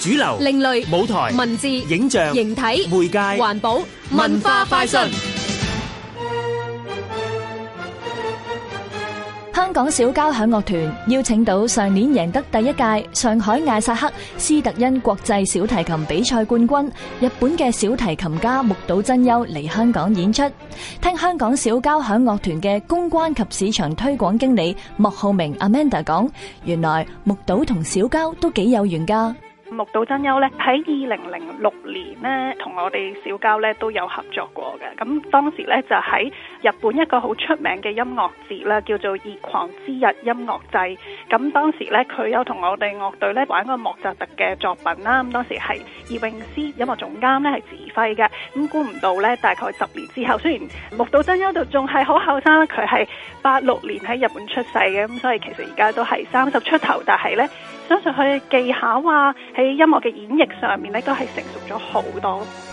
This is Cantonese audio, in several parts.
主流、另類舞台、文字、影像、形體、媒介、環保、文化快訊。香港小交響樂團邀請到上年贏得第一屆上海艾薩克斯特恩國際小提琴比賽冠軍，日本嘅小提琴家木島真優嚟香港演出。聽香港小交響樂團嘅公關及市場推廣經理莫浩明 Amanda 講，原來木島同小交都幾有緣㗎。綠島真優咧，喺二零零六年咧，同我哋小交咧都有合作過嘅。咁當時咧就喺。日本一個好出名嘅音樂節啦，叫做熱狂之日音樂祭。咁當時呢，佢有同我哋樂隊咧玩個莫扎特嘅作品啦。咁當時係葉詠詩音樂總監咧係指揮嘅。咁估唔到呢，大概十年之後，雖然目到真優度仲係好後生，佢係八六年喺日本出世嘅。咁所以其實而家都係三十出頭，但係呢，相信佢嘅技巧啊，喺音樂嘅演繹上面呢，都係成熟咗好多。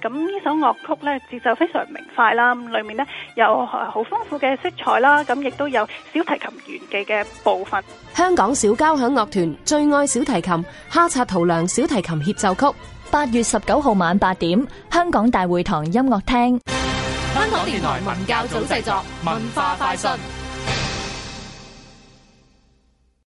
咁呢首樂曲咧節奏非常明快啦，裏面咧有好豐富嘅色彩啦，咁亦都有小提琴炫技嘅部分。香港小交響樂團最愛小提琴哈察圖良小提琴協奏曲，八月十九號晚八點，香港大會堂音樂廳。香港電台文教組製作，文教組製作文化快訊。